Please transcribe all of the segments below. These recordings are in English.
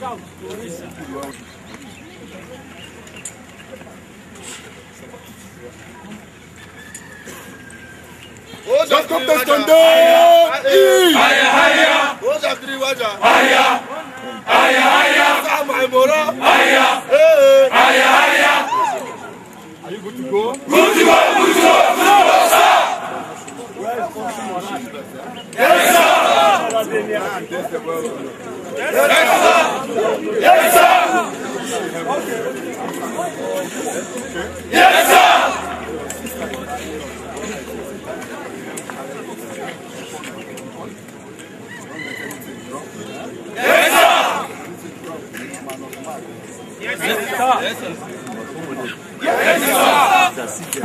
Just come to stand up. Aya, aya. Rose of three water. Aya. Aya, aya. Sam Aimora. Aya. Aya, aya. Are you good to go? Good to go, good to go.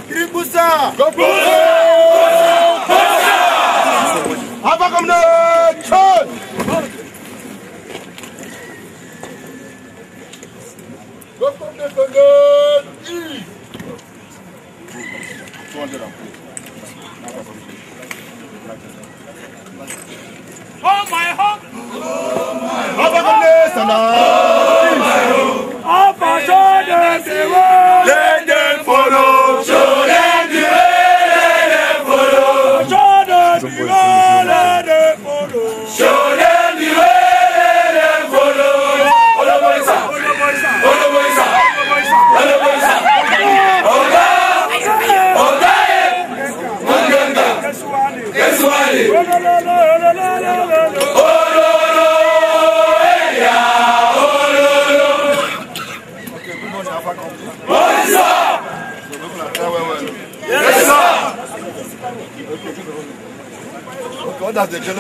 Kiribusa! Abakamna Chon! Government E! 200 Oh my home! Oh my home!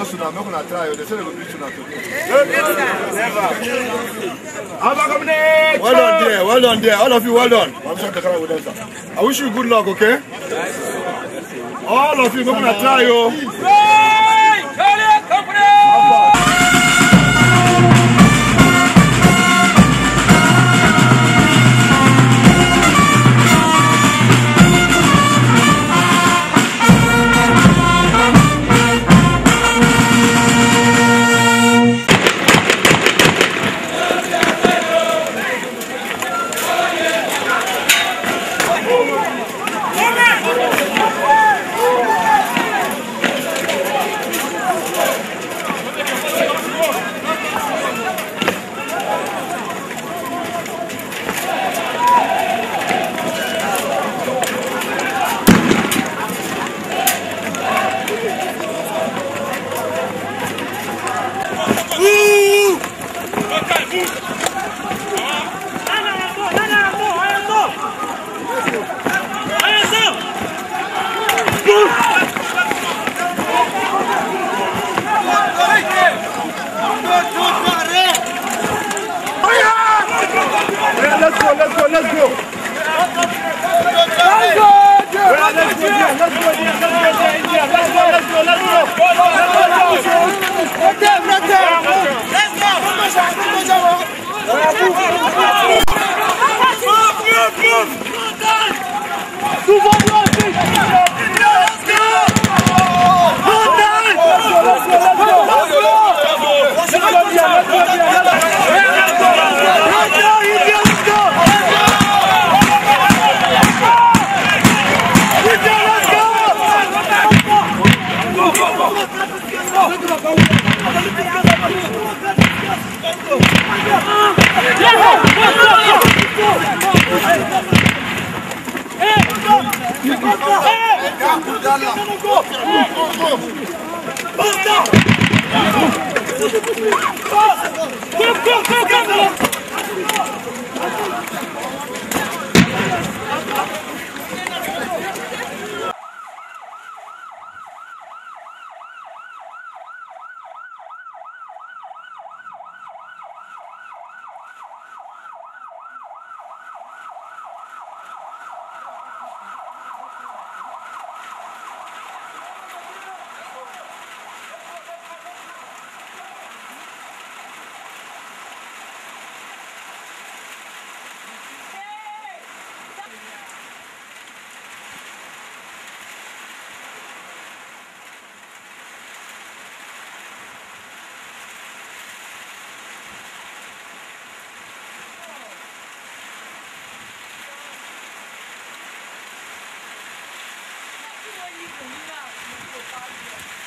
suna make una try o dey say dem go beat una well done there well done there all of you well done. i wish you good luck okay. all of you make una try o. Oh. let's go. Let's go! Let's go, India! Let's go, India! Let's go, India! Let's go, let's go, let's go! Let's go, let's go! Let's go, let's go! Let's go! 这个音量，你们给发一遍。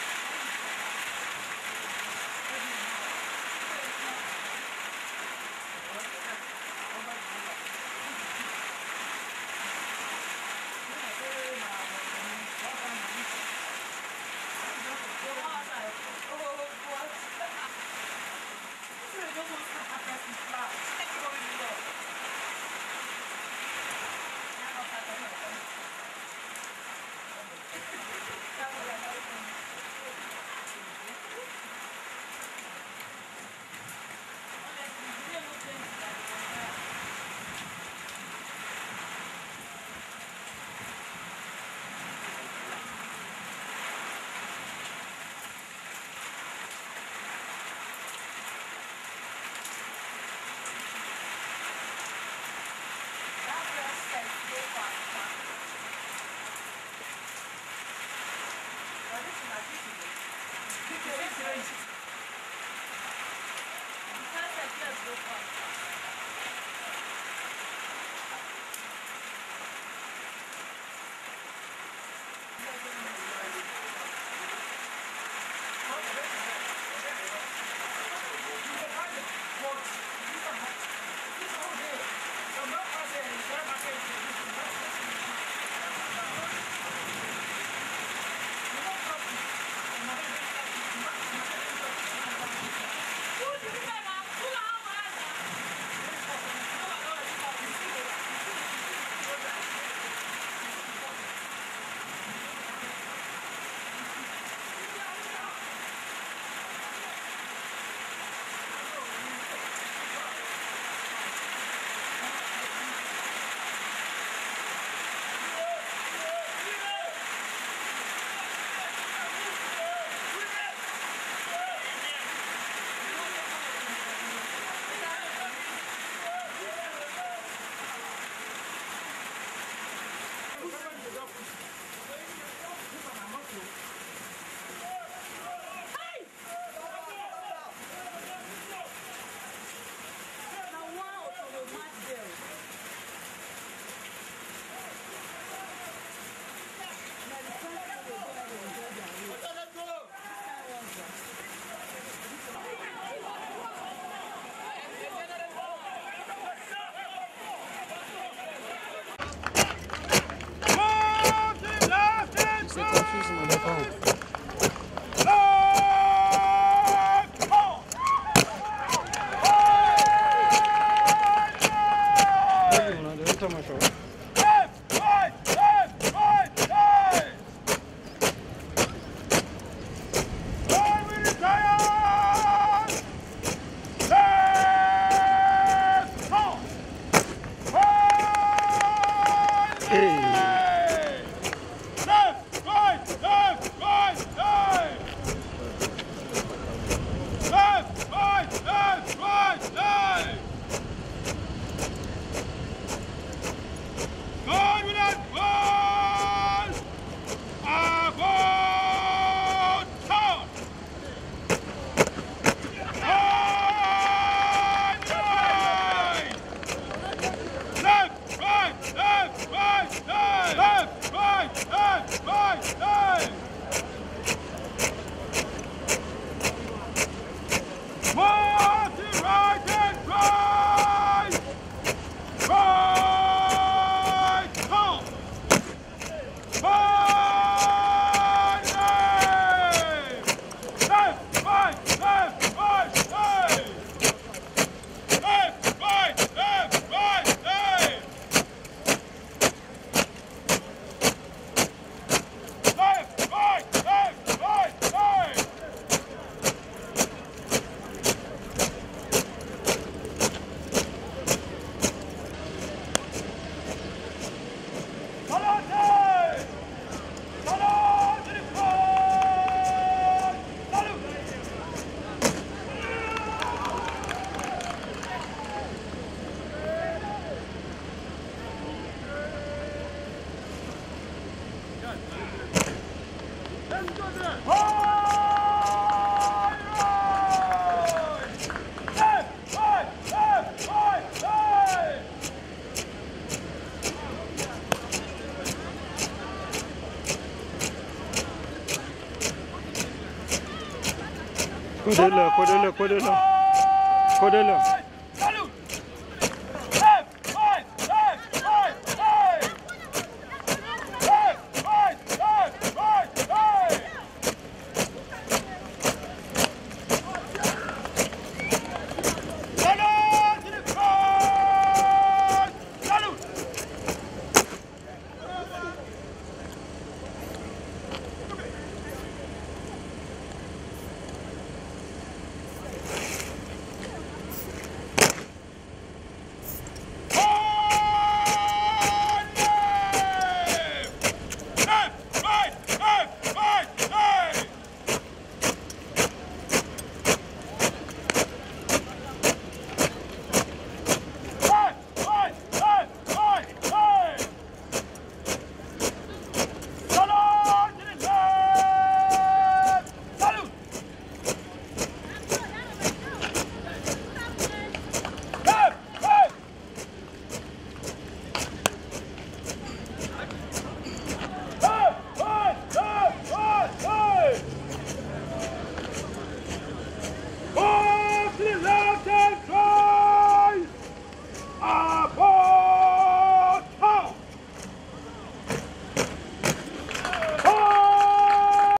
Oh. 快点了，快点了，快点了，快点了。